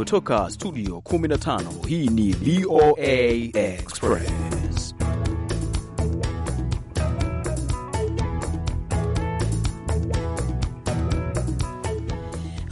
kutoka studio 15 hii ni VOA Express.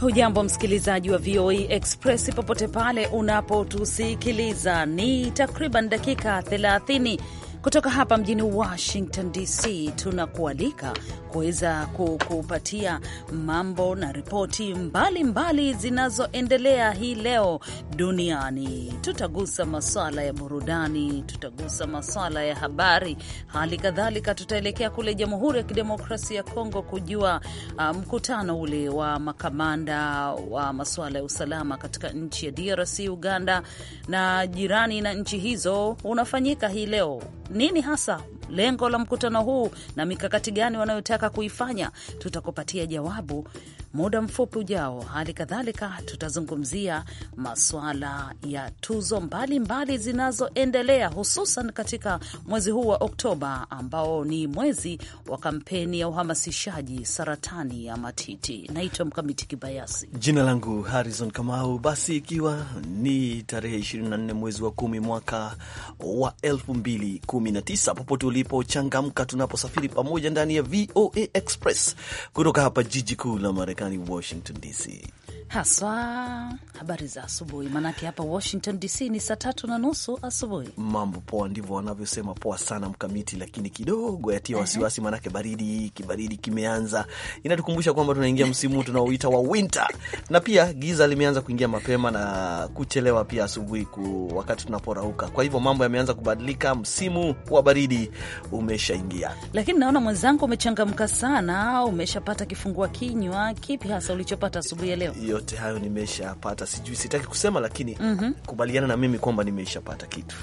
Hujambo msikilizaji wa VOA Express popote pale unapotusikiliza, ni takriban dakika 30 kutoka hapa mjini Washington DC tunakualika kuweza kukupatia mambo na ripoti mbalimbali zinazoendelea hii leo duniani. Tutagusa maswala ya burudani, tutagusa maswala ya habari, hali kadhalika tutaelekea kule Jamhuri ya Kidemokrasia ya Kongo kujua uh, mkutano um, ule wa makamanda wa masuala ya usalama katika nchi ya DRC, Uganda na jirani na nchi hizo unafanyika hii leo nini hasa lengo la mkutano huu na mikakati gani wanayotaka kuifanya. Tutakupatia jawabu muda mfupi ujao. Hali kadhalika tutazungumzia maswala ya tuzo mbalimbali zinazoendelea hususan katika mwezi huu wa Oktoba ambao ni mwezi wa kampeni ya uhamasishaji saratani ya matiti. Naitwa Mkamiti Kibayasi, jina langu Harrison Kamau. Basi ikiwa ni tarehe 24 mwezi wa kumi mwaka wa 2019 popote tulipochangamka tunaposafiri pamoja ndani ya VOA Express kutoka hapa jiji kuu la Marekani, Washington DC haswa habari za asubuhi, maanake hapa Washington DC ni saa tatu na nusu asubuhi. Mambo poa, ndivyo wanavyosema. Poa sana Mkamiti, lakini kidogo yatia wasiwasi, maanake baridi, kibaridi kimeanza. Inatukumbusha kwamba tunaingia msimu tunaoita wa winter, na pia giza limeanza kuingia mapema na kuchelewa pia asubuhi wakati tunaporauka. Kwa hivyo mambo yameanza kubadilika, msimu wa baridi umeshaingia. Lakini naona mwenzangu umechangamka sana, umeshapata kifungua kinywa. Kipi hasa ulichopata asubuhi ya leo? Yo, yote hayo nimeshapata, sijui, sitaki kusema, lakini mm -hmm. kubaliana na mimi kwamba nimeshapata kitu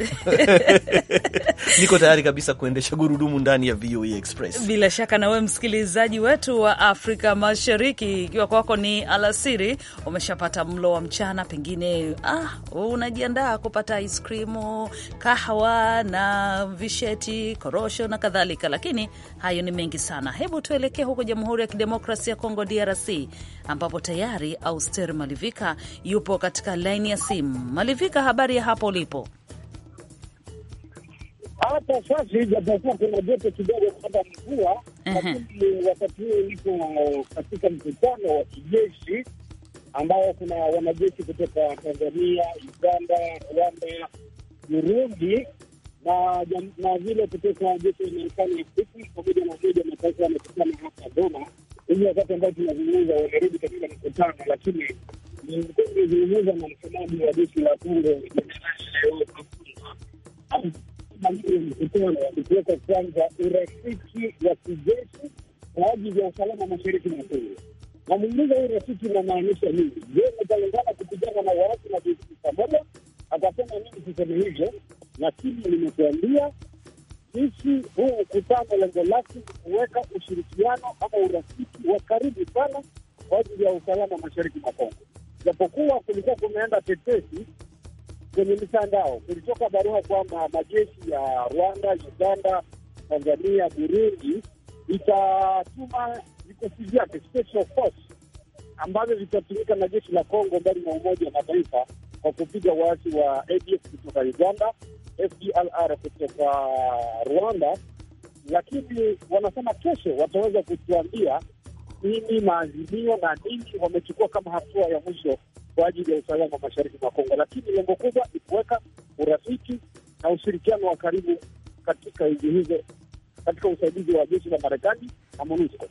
niko tayari kabisa kuendesha gurudumu ndani ya VOA e Express. Bila shaka na wewe msikilizaji wetu wa Afrika Mashariki, ikiwa kwako ni alasiri, umeshapata mlo wa mchana, pengine ah, unajiandaa kupata ice cream, kahawa na visheti, korosho na kadhalika, lakini hayo ni mengi sana. Hebu tuelekee huko Jamhuri ya Kidemokrasia ya Kongo, DRC ambapo tayari Auster Malivika yupo katika laini ya simu. Malivika, habari ya hapo ulipo? Hata sasa ijapokuwa kuna joto kidogo baada ya mvua, lakini wakati huo niko katika mkutano wa kijeshi ambao kuna wanajeshi kutoka Tanzania, Uganda, Rwanda, Burundi na vile kutoka jeshi la Marekani, pamoja na Umoja wa Mataifa wamekutana hapa Doma hivi wakati ambao tunazungumza wamerudi katika mkutano, lakini nizungumza na msemaji wa jeshi la Kongo mkutano wakikiweka kwanza urafiki wa kijeshi kwa ajili ya usalama mashariki mwa Kongo. Namuuliza huu rafiki unamaanisha nini? Je, mtalengana kupigana na waasi na jeshi pamoja? Akasema mimi siseme hivyo, lakini nimekuambia sisi huu mkutano lengo lake ni kuweka ushirikiano ama urafiki wa karibu sana kwa ajili ya usalama mashariki mwa Kongo. Japokuwa kulikuwa kumeenda tetesi kwenye mitandao, kulitoka barua kwamba majeshi ya Rwanda, Uganda, Tanzania, Burundi itatuma vikosi vyake special force ambavyo vitatumika na jeshi la Kongo ndani ya Umoja wa Mataifa kwa kupiga waasi wa ADF kutoka Uganda FDLR kutoka Rwanda, lakini wanasema kesho wataweza kutuambia nini maazimio na nini wamechukua kama hatua ya mwisho kwa ajili ya usalama mashariki mwa Kongo, lakini lengo kubwa ni kuweka urafiki na ushirikiano wa karibu katika nchi hizo katika usaidizi wa jeshi la Marekani na MONUSCO.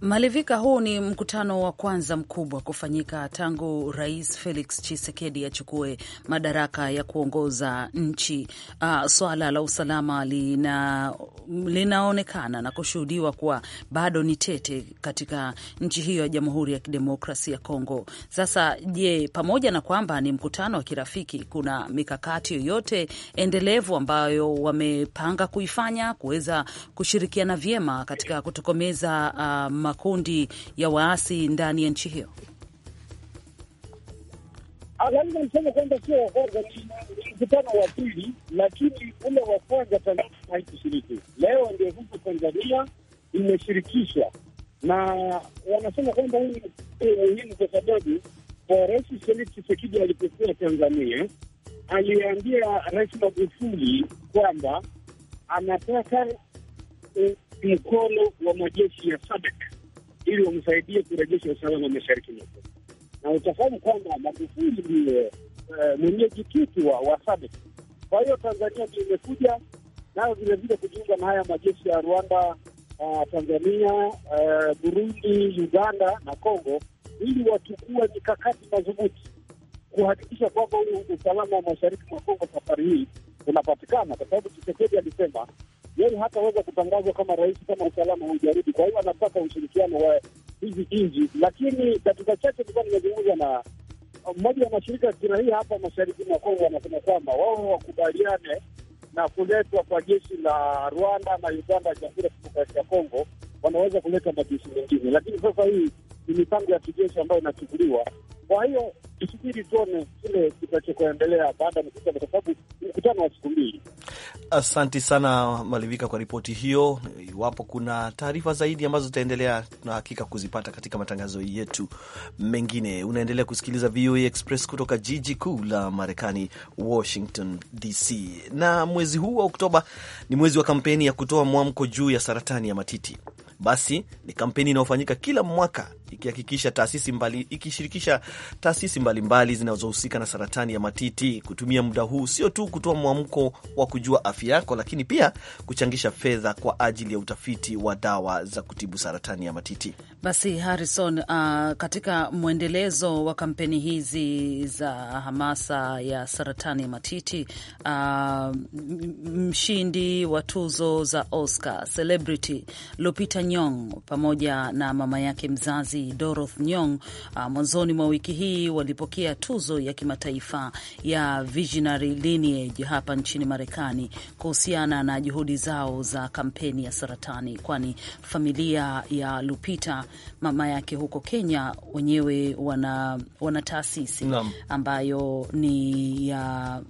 Malivika, huu ni mkutano wa kwanza mkubwa kufanyika tangu Rais Felix Tshisekedi achukue madaraka ya kuongoza nchi. Uh, swala la usalama lina, linaonekana na kushuhudiwa kuwa bado ni tete katika nchi hiyo ya Jamhuri ya Kidemokrasi ya Kongo. Sasa je, pamoja na kwamba ni mkutano wa kirafiki, kuna mikakati yoyote endelevu ambayo wamepanga kuifanya kuweza kushirikiana vyema katika kutokomeza uh, makundi ya waasi ndani ya nchi hiyo? Aghaliba niseme kwamba sio wa kwanza, ni mkutano wa pili, lakini ule wa kwanza Tanzania haikushiriki. Leo ndio huku Tanzania imeshirikishwa, na wanasema kwamba huu ni muhimu kwa sababu Rais Felix Tshisekedi alipokuwa Tanzania aliambia Rais Magufuli kwamba anataka mkono wa majeshi ya SADC ili wamsaidie kurejesha usalama mashariki Kongo. na utafahamu kwamba Magufuli ndiye eh, kiti wa SADC. Kwa hiyo Tanzania ndio imekuja nayo vilevile kujiunga na haya majeshi ya Rwanda, uh, Tanzania, uh, Burundi, Uganda na Congo ili wachukue mikakati madhubuti kuhakikisha kwamba huu usalama wa mashariki mwa Kongo safari hii unapatikana, kwa sababu Tshisekedi alisema yeye hataweza kutangazwa kama rais kama usalama haujarudi. Kwa hiyo anataka ushirikiano wa hizi nchi, lakini dakika chache tulikuwa nimezungumza na mmoja wa mashirika ya kiraia hapa mashariki mwa Kongo, wanasema kwamba wao wakubaliane na kuletwa kwa jeshi la Rwanda na Uganda Jamhuri ya Kidemokrasia ya Kongo, wanaweza kuleta majeshi mengine, lakini sasa hii ni mipango ya kijeshi ambayo inachukuliwa. Kwa hiyo tusubiri tuone kile kitachokuendelea baada ya mkutano, kwa sababu mkutano wa siku mbili. Asanti sana Malivika kwa ripoti hiyo. Iwapo kuna taarifa zaidi ambazo zitaendelea, tuna hakika kuzipata katika matangazo yetu mengine. Unaendelea kusikiliza VOA Express kutoka jiji kuu la Marekani, Washington DC. Na mwezi huu wa Oktoba ni mwezi wa kampeni ya kutoa mwamko juu ya saratani ya matiti. Basi ni kampeni inayofanyika kila mwaka ikihakikisha taasisi mbali, ikishirikisha taasisi mbalimbali zinazohusika na saratani ya matiti kutumia muda huu sio tu kutoa mwamko wa kujua afya yako, lakini pia kuchangisha fedha kwa ajili ya utafiti wa dawa za kutibu saratani ya matiti. Basi Harrison, uh, katika mwendelezo wa kampeni hizi za hamasa ya saratani ya matiti uh, mshindi wa tuzo za Oscar, celebrity Lupita Nyong pamoja na mama yake mzazi Doroth Nyong uh, mwanzoni mwa wiki hii walipokea tuzo ya kimataifa ya Visionary Lineage hapa nchini Marekani kuhusiana na juhudi zao za kampeni ya saratani, kwani familia ya Lupita mama yake huko Kenya wenyewe wana, wana taasisi ambayo ni ya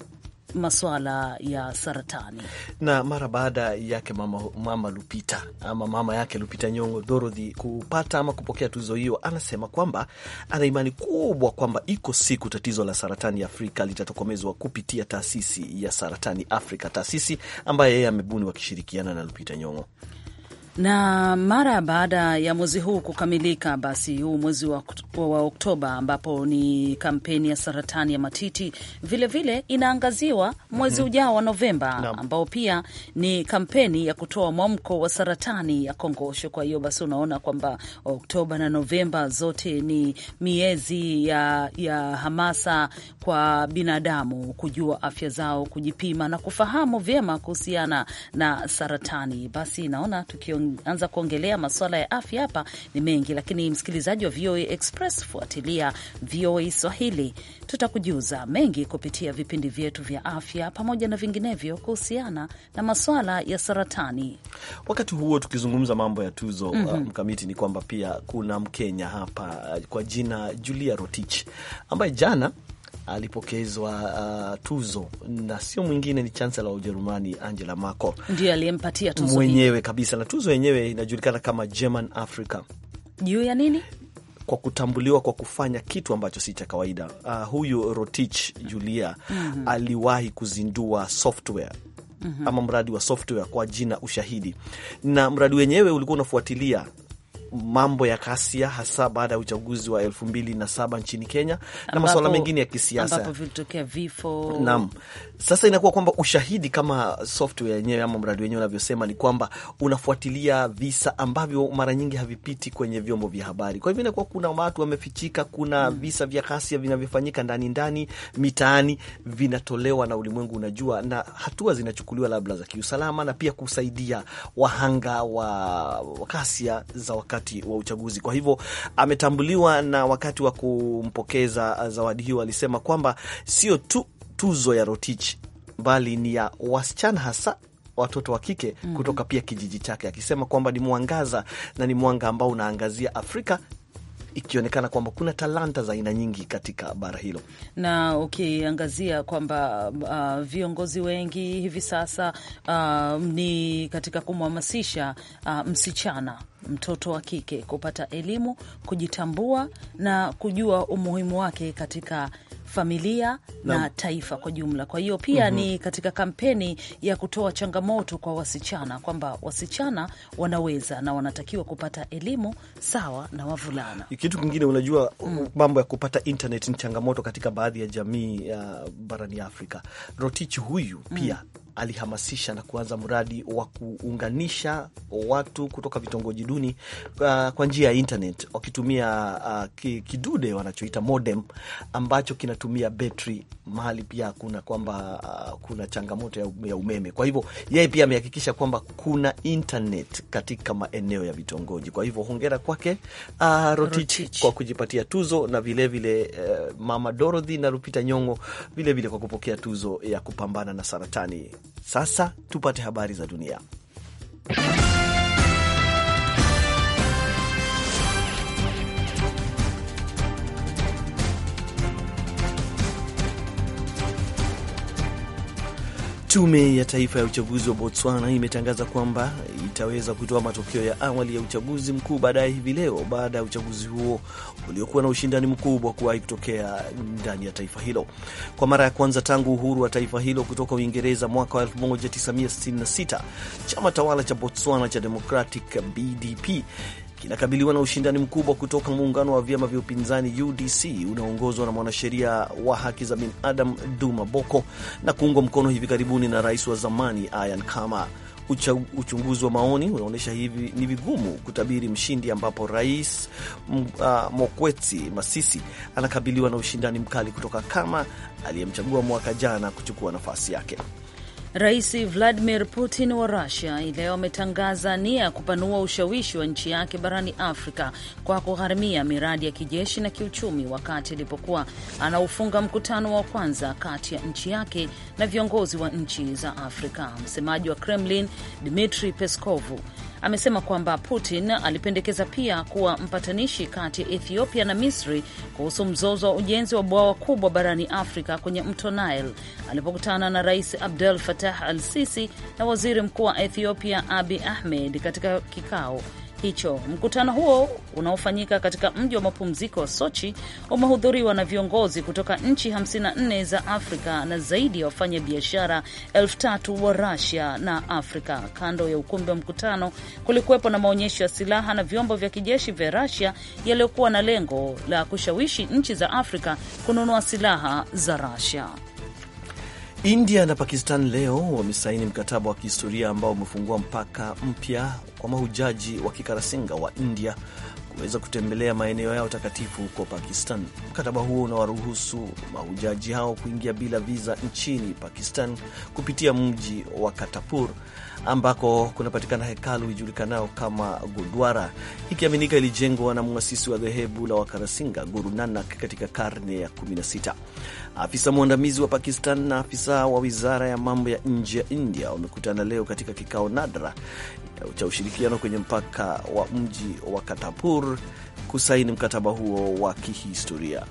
masuala ya saratani. Na mara baada yake mama, mama Lupita ama mama yake Lupita Nyong'o Dorothy kupata ama kupokea tuzo hiyo, anasema kwamba ana imani kubwa kwamba iko siku tatizo la saratani Afrika litatokomezwa kupitia taasisi ya Saratani Afrika, taasisi ambayo yeye amebuni wakishirikiana na Lupita Nyong'o. Na mara baada ya mwezi huu kukamilika, basi huu mwezi wa, wa Oktoba ambapo ni kampeni ya saratani ya matiti vilevile vile inaangaziwa mwezi mm -hmm. ujao wa Novemba no. ambao pia ni kampeni ya kutoa mwamko wa saratani ya kongosho. Kwa hiyo basi unaona kwamba Oktoba na Novemba zote ni miezi ya, ya hamasa kwa binadamu kujua afya zao, kujipima na kufahamu vyema kuhusiana na saratani. Basi naona tukiongea tunaanza kuongelea masuala ya afya hapa ni mengi, lakini msikilizaji wa VOA Express, fuatilia VOA Swahili, tutakujuza mengi kupitia vipindi vyetu vya afya pamoja na vinginevyo kuhusiana na masuala ya saratani. Wakati huo tukizungumza mambo ya tuzo mm -hmm. Mkamiti ni kwamba pia kuna Mkenya hapa uh, kwa jina Julia Rotich ambaye jana alipokezwa uh, tuzo na sio mwingine ni chancellor wa Ujerumani Angela Merkel, ndiye aliyempatia tuzo mwenyewe kabisa, na tuzo yenyewe inajulikana kama German Africa. Juu ya nini? Kwa kutambuliwa kwa kufanya kitu ambacho si cha kawaida. Uh, huyu Rotich Julia mm -hmm. aliwahi kuzindua software Mm -hmm. ama mradi wa software kwa jina Ushahidi, na mradi wenyewe ulikuwa unafuatilia mambo ya kasia hasa baada ya uchaguzi wa elfu mbili na saba nchini Kenya ambapo, na masuala mengine ya kisiasa vilitokea vifo. Naam, sasa inakuwa kwamba ushahidi kama software yenyewe ama mradi wenyewe unavyosema ni kwamba unafuatilia visa ambavyo mara nyingi havipiti kwenye vyombo vya habari. Kwa hivyo inakuwa kuna watu wamefichika, kuna hmm, visa vya kasia vinavyofanyika ndani ndani mitaani, vinatolewa na ulimwengu unajua, na hatua zinachukuliwa labda za kiusalama na pia kusaidia wahanga wa kasia za wakati wakati wa uchaguzi. Kwa hivyo ametambuliwa, na wakati wa kumpokeza uh, zawadi hiyo alisema kwamba sio tu tuzo ya Rotich bali ni ya wasichana hasa watoto wa kike mm -hmm. kutoka pia kijiji chake, akisema kwamba ni mwangaza na ni mwanga ambao unaangazia Afrika ikionekana kwamba kuna talanta za aina nyingi katika bara hilo, na ukiangazia okay, kwamba uh, viongozi wengi hivi sasa uh, ni katika kumhamasisha uh, msichana mtoto wa kike kupata elimu, kujitambua na kujua umuhimu wake katika familia na, na taifa kwa jumla. Kwa hiyo pia mm -hmm. ni katika kampeni ya kutoa changamoto kwa wasichana kwamba wasichana wanaweza na wanatakiwa kupata elimu sawa na wavulana. Kitu kingine unajua, mm. mambo ya kupata internet ni changamoto katika baadhi ya jamii ya barani Afrika. Rotich huyu mm. pia mm alihamasisha na kuanza mradi wa kuunganisha watu kutoka vitongoji duni uh, kwa njia ya internet wakitumia uh, kidude wanachoita modem ambacho kinatumia betri, mahali pia kuna kwamba uh, kuna changamoto ya umeme. Kwa hivyo yeye pia amehakikisha kwamba kuna internet katika maeneo ya vitongoji. Kwa hivyo hongera kwake uh, Rotich, Rotich kwa kujipatia tuzo na vilevile vile, uh, Mama Dorothy na Lupita Nyong'o vilevile vile kwa kupokea tuzo ya kupambana na saratani sasa tupate habari za dunia. Tume ya Taifa ya Uchaguzi wa Botswana imetangaza kwamba itaweza kutoa matokeo ya awali ya uchaguzi mkuu baadaye hivi leo, baada ya uchaguzi huo uliokuwa na ushindani mkubwa kuwahi kutokea ndani ya taifa hilo. Kwa mara ya kwanza tangu uhuru wa taifa hilo kutoka Uingereza mwaka wa 1966 chama tawala cha Botswana cha Democratic BDP kinakabiliwa na ushindani mkubwa kutoka muungano wa vyama vya upinzani UDC unaoongozwa na mwanasheria wa haki za binadamu Duma Boko na kuungwa mkono hivi karibuni na rais wa zamani Ian kama Ucha, uchunguzi wa maoni unaonyesha hivi ni vigumu kutabiri mshindi, ambapo rais m, mm, uh, ah, Mokwetsi Masisi anakabiliwa na ushindani mkali kutoka Kama aliyemchagua mwaka jana kuchukua nafasi yake. Rais Vladimir Putin wa Rusia leo ametangaza nia ya kupanua ushawishi wa nchi yake barani Afrika kwa kugharamia miradi ya kijeshi na kiuchumi, wakati alipokuwa anaufunga mkutano wa kwanza kati ya nchi yake na viongozi wa nchi za Afrika. Msemaji wa Kremlin Dmitri Peskovu amesema kwamba Putin alipendekeza pia kuwa mpatanishi kati ya Ethiopia na Misri kuhusu mzozo wa ujenzi wa bwawa kubwa barani Afrika kwenye mto Nile alipokutana na Rais Abdel Fattah al-Sisi na Waziri Mkuu wa Ethiopia abi Ahmed katika kikao hicho. Mkutano huo unaofanyika katika mji wa mapumziko wa Sochi umehudhuriwa na viongozi kutoka nchi 54 za Afrika na zaidi ya wafanya biashara elfu tatu wa Rusia na Afrika. Kando ya ukumbi wa mkutano kulikuwepo na maonyesho ya silaha na vyombo vya kijeshi vya Rusia yaliyokuwa na lengo la kushawishi nchi za Afrika kununua silaha za Rusia. India na Pakistan leo wamesaini mkataba wa kihistoria ambao umefungua mpaka mpya kwa mahujaji wa kikarasinga wa India kuweza kutembelea maeneo yao takatifu huko Pakistan. Mkataba huo unawaruhusu mahujaji hao kuingia bila viza nchini Pakistan kupitia mji wa Katapur ambako kunapatikana hekalu ijulikanayo kama Gurdwara, ikiaminika ilijengwa na mwasisi wa dhehebu la Wakarasinga Guru Nanak katika karne ya 16. Afisa mwandamizi wa Pakistan na afisa wa wizara ya mambo ya nje ya India wamekutana leo katika kikao nadra cha ushirikiano kwenye mpaka wa mji wa Katapur kusaini mkataba huo wa kihistoria.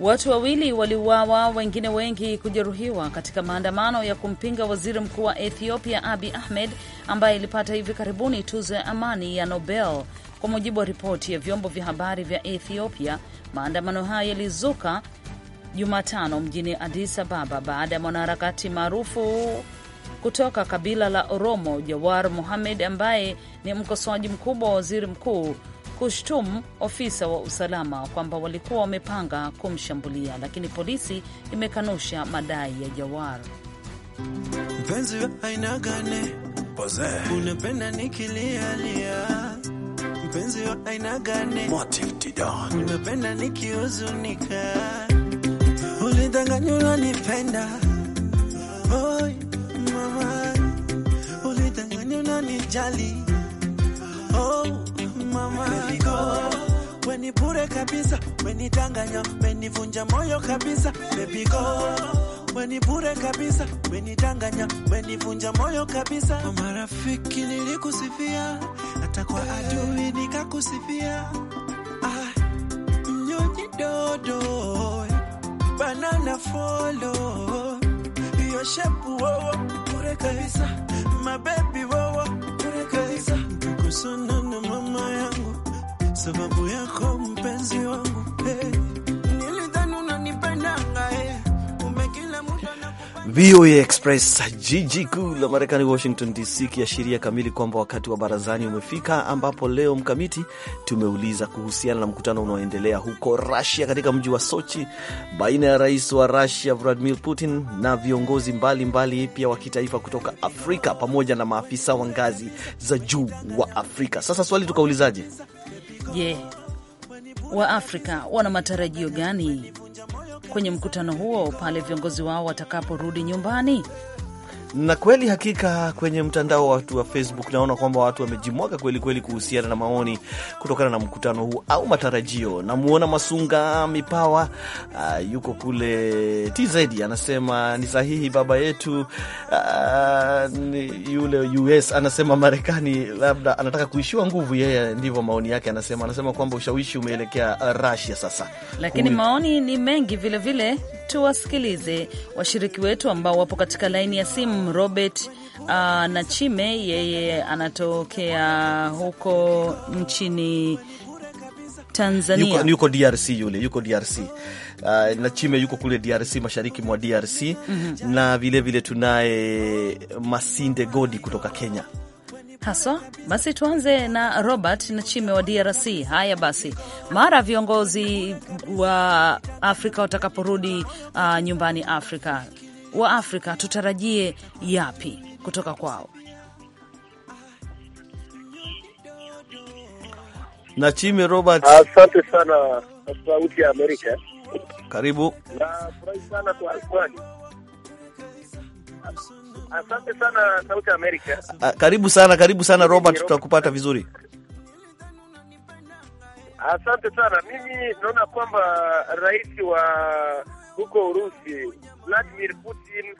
Watu wawili waliuawa, wengine wengi kujeruhiwa katika maandamano ya kumpinga waziri mkuu wa Ethiopia Abiy Ahmed ambaye ilipata hivi karibuni tuzo ya amani ya Nobel. Kwa mujibu wa ripoti ya vyombo vya habari vya Ethiopia, maandamano hayo yalizuka Jumatano mjini Addis Ababa baada ya mwanaharakati maarufu kutoka kabila la Oromo Jawar Mohammed ambaye ni mkosoaji mkubwa wa waziri mkuu kushtumu ofisa wa usalama kwamba walikuwa wamepanga kumshambulia, lakini polisi imekanusha madai ya Jawar. Mpenzi wa aina gani unapenda nikilialia? Mpenzi wa aina gani unapenda nikihuzunika? Ulidanganya unanipenda, mama, ulidanganya unanijali weni bure kabisa, weni danganya, weni vunja moyo kabisa, baby go weni bure kabisa, weni danganya, weni vunja moyo kabisa. Kwa marafiki nilikusifia, hata kwa adui nikakusifia. Ah, mnyonyi dodo banana folo iyo shepu wowo bure kabisa, mabebi wowo bure kabisa, kusonana mama ya sababu yako mpenzi wangu VOA eh. eh. Express, jiji kuu la Marekani, Washington DC, kiashiria kamili kwamba wakati wa barazani umefika, ambapo leo mkamiti tumeuliza kuhusiana na mkutano unaoendelea huko rasia katika mji wa Sochi baina ya rais wa rusia Vladimir Putin na viongozi mbalimbali mbali, pia wa kitaifa kutoka Afrika pamoja na maafisa wa ngazi za juu wa Afrika. Sasa swali tukaulizaje? Je, yeah, Waafrika wana matarajio gani kwenye mkutano huo pale viongozi wao watakaporudi nyumbani? Na kweli hakika, kwenye mtandao watu wa Facebook naona kwamba watu wamejimwaga kweli kweli kuhusiana na maoni kutokana na mkutano huu au matarajio. Namuona Masunga Mipawa uh, yuko kule TZ anasema ni sahihi baba yetu. Uh, yule US anasema Marekani labda anataka kuishiwa nguvu yeye, ndivyo maoni yake. Anasema anasema kwamba ushawishi umeelekea Russia sasa, lakini Ui... maoni ni mengi vilevile. Tuwasikilize washiriki wetu ambao wapo katika laini ya simu. Robert uh, Nachime, yeye anatokea huko nchini Tanzania. Yuko, yuko DRC yule, yuko DRC. Uh, Nachime yuko kule DRC, mashariki mwa DRC. mm -hmm. Na vilevile tunaye Masinde Godi kutoka Kenya haswa. Basi tuanze na Robert Nachime wa DRC. Haya basi, mara viongozi wa Afrika watakaporudi uh, nyumbani Afrika wa Afrika tutarajie yapi kutoka kwao? na Nachime Robert, asante sana Sauti ya Amerika. Karibu. na furahi sana kwa swali. Asante sana Sauti ya Amerika. Karibu sana, karibu sana Robert, tutakupata vizuri. Asante sana. Mimi naona kwamba rais wa huko Urusi, Vladimir Putin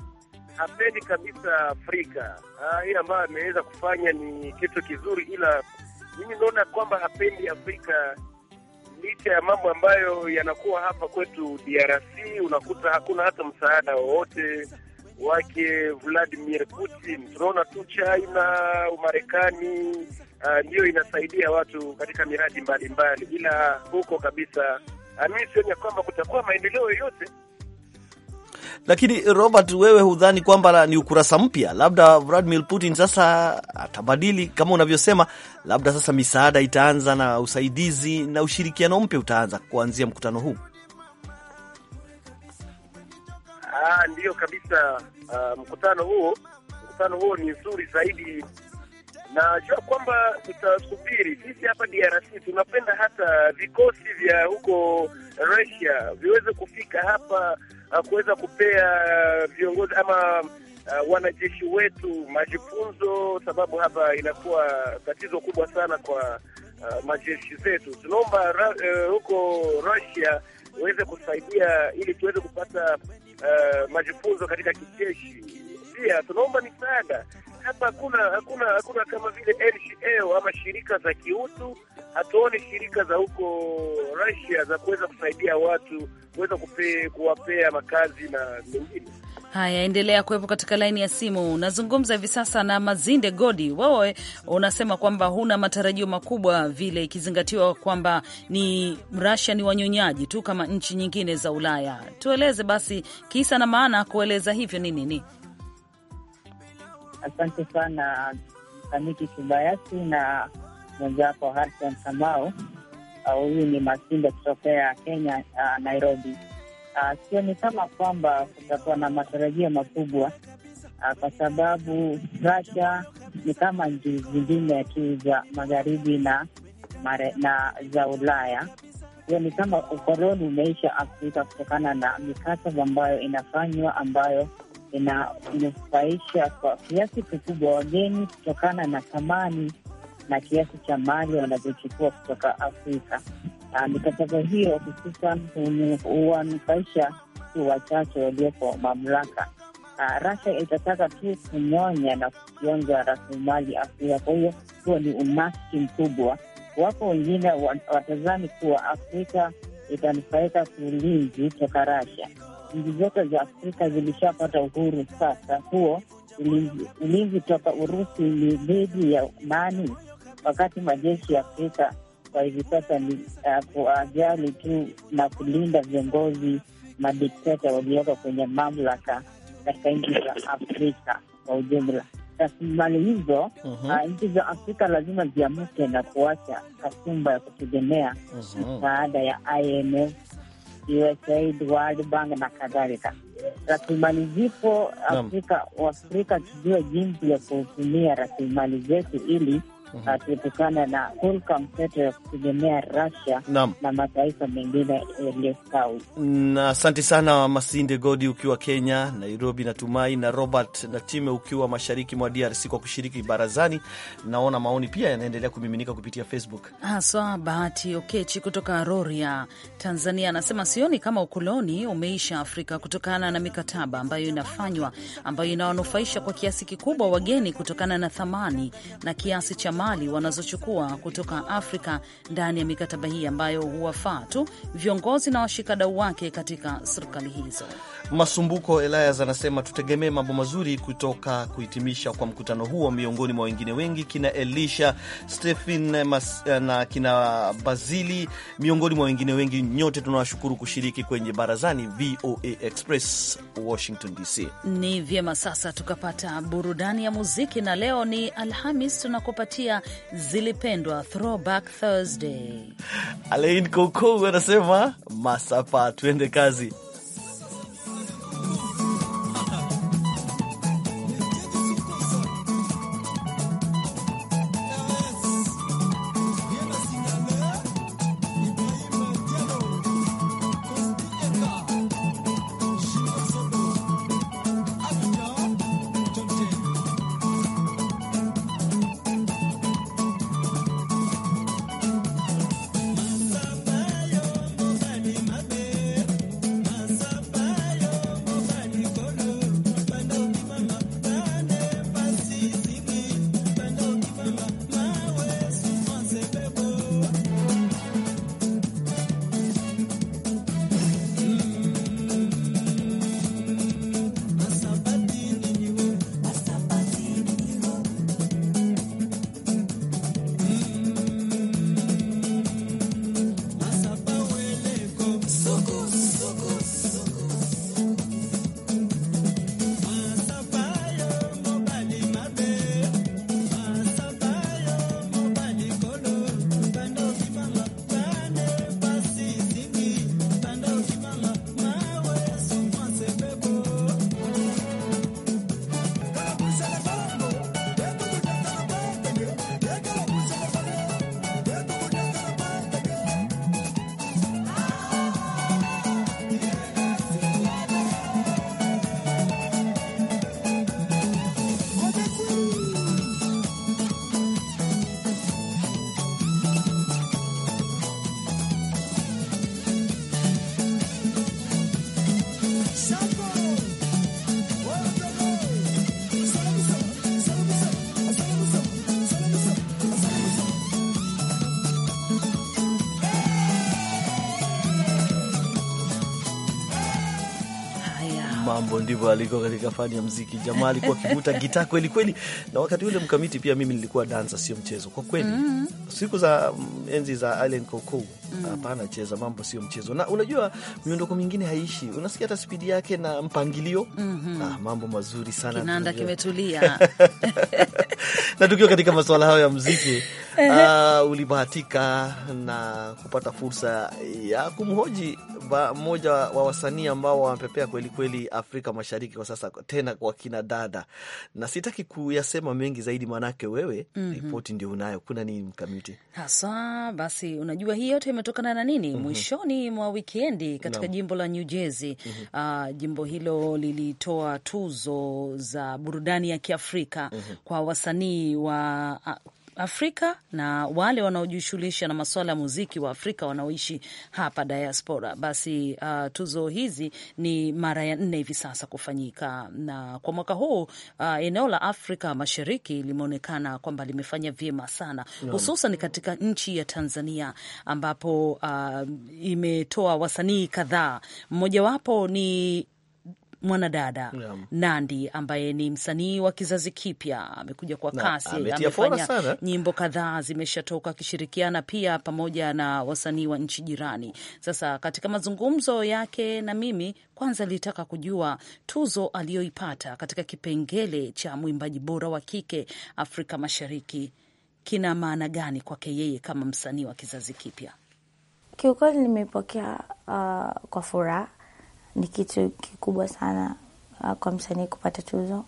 hapendi kabisa Afrika. Ah, Ile ambayo ameweza kufanya ni kitu kizuri, ila mimi naona kwamba hapendi Afrika licha ya mambo ambayo yanakuwa hapa kwetu DRC. Unakuta hakuna hata msaada wowote wake Vladimir Putin. Tunaona tu China, Umarekani ah, ndiyo inasaidia watu katika miradi mbalimbali mbali, ila huko kabisa amini ya kwamba kutakuwa maendeleo yoyote. Lakini Robert, wewe hudhani kwamba ni ukurasa mpya, labda Vladimir Putin sasa atabadili kama unavyosema, labda sasa misaada itaanza na usaidizi na ushirikiano mpya utaanza kuanzia mkutano huu? Ah, Ndiyo kabisa. Uh, mkutano huo mkutano huo ni nzuri zaidi najua kwamba tutasubiri. Sisi hapa DRC tunapenda hata vikosi vya huko Russia viweze kufika hapa uh, kuweza kupea uh, viongozi ama uh, wanajeshi wetu majifunzo, sababu hapa inakuwa tatizo kubwa sana kwa uh, majeshi zetu. Tunaomba uh, huko Russia uweze kusaidia ili tuweze kupata uh, majifunzo katika kijeshi. Pia tunaomba misaada hapa hakuna hakuna hakuna kama vile NGO ama shirika za kiutu. Hatuoni shirika za huko Russia za kuweza kusaidia watu kuweza kuwapea makazi na mengine haya. Endelea kuwepo katika laini ya simu. Nazungumza hivi sasa na Mazinde Godi. Wewe unasema kwamba huna matarajio makubwa vile, ikizingatiwa kwamba ni Russia ni wanyonyaji tu kama nchi nyingine za Ulaya. Tueleze basi kisa na maana kueleza hivyo ni nini? Asante sana Mkamiti Kibayasi na mwenzako Harison Kamau. Ah, huyu ni Masinde kutokea Kenya, uh, Nairobi. Uh, sio ni kama kwamba kutakuwa na matarajio makubwa uh, kwa sababu Russia ni kama nchi zingine tu za magharibi na mare, na za Ulaya. Hiyo ni kama ukoloni umeisha Afrika kutokana na mikataba ambayo inafanywa ambayo inanufaisha kwa kiasi kikubwa wageni kutokana na thamani na kiasi cha mali wanazochukua kutoka Afrika. Mikataba hiyo hususan huwanufaisha tu wachache walioko mamlaka. Rasha itataka tu kunyonya na kukionza rasilimali Afrika. Kwa hiyo huo ni umaki mkubwa. Wapo wengine watazami kuwa Afrika itanufaika kulinzi toka Rasia. Nchi zote za Afrika zilishapata uhuru sasa, huo ulinzi toka Urusi ni dhidi ya nani? Wakati majeshi ya Afrika kwa hivi sasa ni uh, eh, kuajali tu na kulinda viongozi madikteta walioko kwenye mamlaka katika nchi za Afrika kwa ujumla rasilimali hizo mhm. ah, nchi za Afrika lazima ziamuke na kuacha kasumba ya kutegemea misaada mhm. ya IMF, USAID, World Bank na kadhalika. Rasilimali zipo Afrika, Waafrika tujue jinsi ya kutumia rasilimali zetu ili mm-hmm. tulipokana na hulka mseto ya kutegemea Russia na, na mataifa mengine yaliyostawi. Na asante sana Masinde Godi ukiwa Kenya, Nairobi natumai, na Robert na Time ukiwa mashariki mwa DRC kwa kushiriki barazani. Naona maoni pia yanaendelea kumiminika kupitia Facebook haswa. So, Bahati Okechi okay, kutoka Roria, Tanzania anasema sioni kama ukoloni umeisha Afrika kutokana na mikataba ambayo inafanywa ambayo inawanufaisha kwa kiasi kikubwa wageni kutokana na thamani na kiasi cha mali wanazochukua kutoka Afrika ndani ya mikataba hii ambayo huwafaa tu viongozi na washikadau wake katika serikali hizo. Masumbuko Elias anasema tutegemee mambo mazuri kutoka kuhitimisha kwa mkutano huo, miongoni mwa wengine wengi kina Elisha Stephen na kina Bazili, miongoni mwa wengine wengi. Nyote tunawashukuru kushiriki kwenye barazani VOA Express, Washington DC. Ni vyema sasa tukapata burudani ya muziki, na leo ni Alhamis tunakupatia pia zilipendwa Throwback Thursday. Alain Kokou anasema masapa, tuende kazi. Sucos. mambo ndivyo alikuwa katika fani ya mziki. Jamaa alikuwa akivuta gita kweli kweli, na wakati ule mkamiti, pia mimi nilikuwa dansa, sio mchezo kwa kweli. mm -hmm. siku za mm, enzi za Allen Cocoa Mm. Hapana mm. Cheza mambo sio mchezo, na unajua miondoko mingine haishi, unasikia hata spidi yake na mpangilio mm -hmm. Ah, mambo mazuri sana, kinanda kimetulia na tukiwa katika masuala hayo ya mziki uh, ah, ulibahatika na kupata fursa ya kumhoji mmoja wa wasanii ambao wamepepea kweli kweli Afrika Mashariki kwa sasa, tena kwa kina dada, na sitaki kuyasema mengi zaidi, maanake wewe mm -hmm. ripoti ndio unayo. Kuna nini mkamiti hasa? Basi unajua hii yote imetokana na nini? mm -hmm. Mwishoni mwa wikendi katika no. jimbo la New Jersey mm -hmm. uh, jimbo hilo lilitoa tuzo za burudani ya Kiafrika mm -hmm. kwa wasanii wa uh, Afrika na wale wanaojishughulisha na masuala ya muziki wa Afrika wanaoishi hapa diaspora. Basi uh, tuzo hizi ni mara ya nne hivi sasa kufanyika, na kwa mwaka huu uh, eneo la Afrika Mashariki limeonekana kwamba limefanya vyema sana, hususan katika nchi ya Tanzania ambapo uh, imetoa wasanii kadhaa, mmojawapo ni mwanadada yeah. Nandi ambaye ni msanii wa kizazi kipya amekuja kwa kasi, amefanya nyimbo kadhaa zimeshatoka, akishirikiana pia pamoja na wasanii wa nchi jirani. Sasa katika mazungumzo yake na mimi, kwanza nilitaka kujua tuzo aliyoipata katika kipengele cha mwimbaji bora wa kike Afrika Mashariki kina maana gani kwake yeye kama msanii wa kizazi kipya? Kiukweli nimepokea uh, kwa furaha ni kitu kikubwa sana uh, kwa msanii kupata tuzo.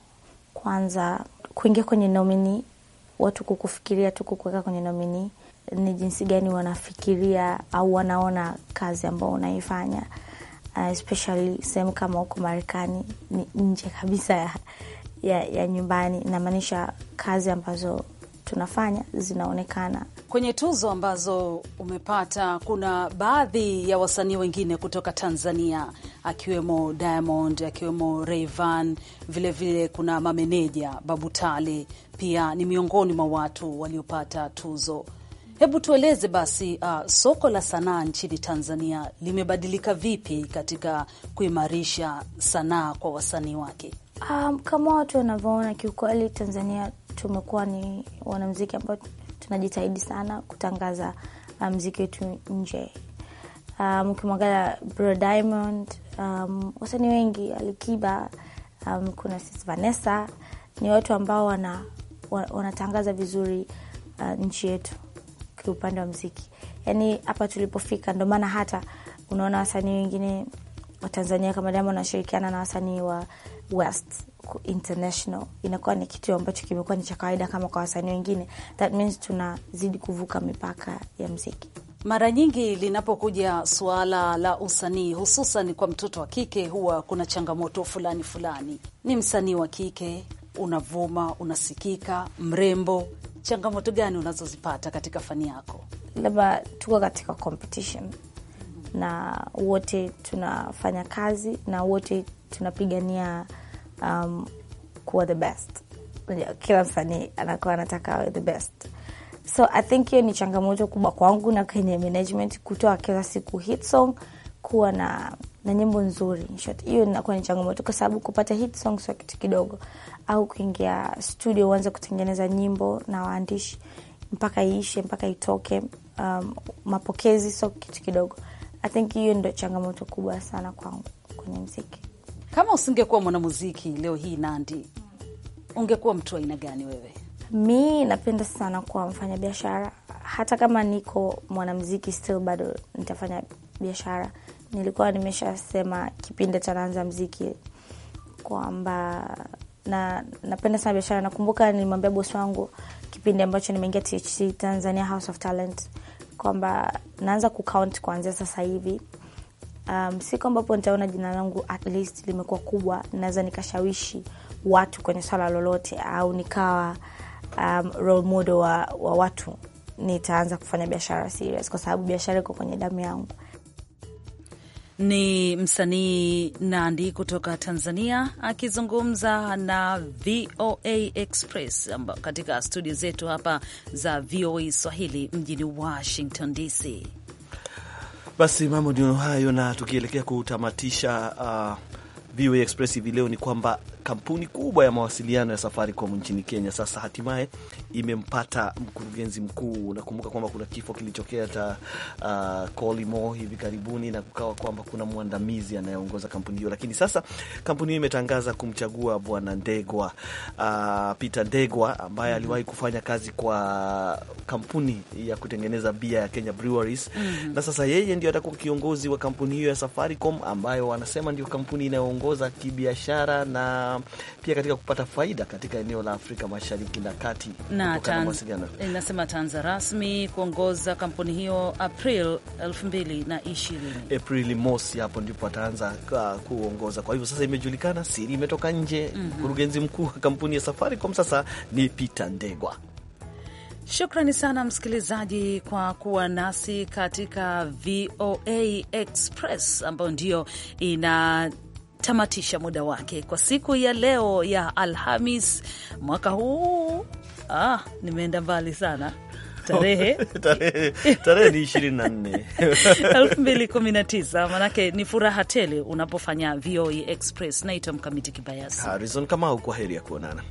Kwanza kuingia kwenye nomini, watu kukufikiria tu kukuweka kwenye nomini, ni jinsi gani wanafikiria au wanaona kazi ambao unaifanya uh, especially sehemu kama huko Marekani ni nje kabisa ya, ya, ya nyumbani. Inamaanisha kazi ambazo tunafanya zinaonekana kwenye tuzo ambazo umepata. Kuna baadhi ya wasanii wengine kutoka Tanzania akiwemo Diamond, akiwemo Rayvan, vilevile kuna mameneja babutale pia ni miongoni mwa watu waliopata tuzo. Hebu tueleze basi, uh, soko la sanaa nchini Tanzania limebadilika vipi katika kuimarisha sanaa kwa wasanii wake? Um, kama watu wanavyoona, kiukweli Tanzania tumekuwa ni wanamziki ambao tunajitahidi sana kutangaza uh, mziki wetu nje um, um, Bro Diamond um, wasanii wengi Alikiba um, kuna Sis Vanessa ni watu ambao wana, wanatangaza vizuri uh, nchi yetu kiupande wa mziki, yani hapa tulipofika. Ndo maana hata unaona wasanii wengine wa Tanzania kama Diamond wanashirikiana na wasanii wa West international inakuwa ni kitu ambacho kimekuwa ni cha kawaida kama kwa wasanii wengine. That means tunazidi kuvuka mipaka ya mziki. Mara nyingi linapokuja suala la usanii, hususan kwa mtoto wa kike, huwa kuna changamoto fulani fulani. Ni msanii wa kike, unavuma, unasikika, mrembo, changamoto gani unazozipata katika fani yako? Labda tuko katika competition na wote tunafanya kazi na wote tunapigania um, kuwa the best. Kila msanii anakuwa anataka awe the best So I think hiyo ni changamoto kubwa kwangu na kwenye management, kutoa kila siku hit song, kuwa na na nyimbo nzuri. Hiyo inakuwa ni changamoto kwa sababu kupata hit song sio kitu kidogo, au kuingia studio uanze kutengeneza nyimbo na waandishi mpaka iishe mpaka itoke, um, mapokezi sio kitu kidogo. I think hiyo ndo changamoto kubwa sana kwangu kwenye mziki. Kama usingekuwa mwanamuziki leo hii Nandy, ungekuwa mtu aina gani wewe? Mi napenda sana kuwa mfanya biashara, hata kama niko mwanamziki still bado nitafanya biashara. Nilikuwa nimeshasema kipindi cha naanza mziki kwamba na napenda sana biashara. Nakumbuka nilimwambia bosi wangu kipindi ambacho nimeingia THT, Tanzania House of Talent, kwamba naanza kucount kuanzia sasa hivi. Um, siku ambapo nitaona jina langu at least limekuwa kubwa, naweza nikashawishi watu kwenye swala lolote au nikawa um, role model wa, wa watu, nitaanza kufanya biashara serious, kwa sababu biashara iko kwenye damu yangu. Ni msanii Nandi kutoka Tanzania akizungumza na VOA Express katika studio zetu hapa za VOA Swahili mjini Washington DC. Basi mambo ndio hayo, na tukielekea kutamatisha uh, VOA Express hivi leo ni kwamba kampuni kubwa ya mawasiliano ya Safaricom nchini Kenya sasa hatimaye imempata mkurugenzi mkuu. Nakumbuka kwamba kuna kifo kilichokea ta uh, Kolimo hivi karibuni, na kukawa kwamba kuna mwandamizi anayeongoza kampuni hiyo, lakini sasa kampuni hiyo imetangaza kumchagua bwana Ndegwa uh, Peter Ndegwa ambaye mm -hmm. aliwahi kufanya kazi kwa kampuni ya kutengeneza bia ya Kenya Breweries mm -hmm. na sasa yeye ndio atakuwa kiongozi wa kampuni hiyo ya Safaricom ambayo wanasema ndio kampuni inayoongoza kibiashara na pia katika kupata faida katika eneo la Afrika Mashariki na Kati. Na inasema tanza rasmi kuongoza kampuni hiyo April 2020, Aprili mosi, hapo ndipo ataanza uh, kuongoza. Kwa hivyo sasa imejulikana, siri imetoka nje. Mhm. Mkurugenzi mm -hmm. mkuu wa kampuni ya Safaricom sasa ni Peter Ndegwa. Shukrani sana msikilizaji kwa kuwa nasi katika VOA Express ambayo ndiyo ina tamatisha muda wake kwa siku ya leo ya Alhamis mwaka huu. Ah, nimeenda mbali sana tarehe ni ishirini na nne elfu mbili kumi na tisa. Manake ni furaha tele unapofanya VOA e Express. Naitwa Mkamiti Kibayasi Harizon Kamau, kwa heri ya kuonana.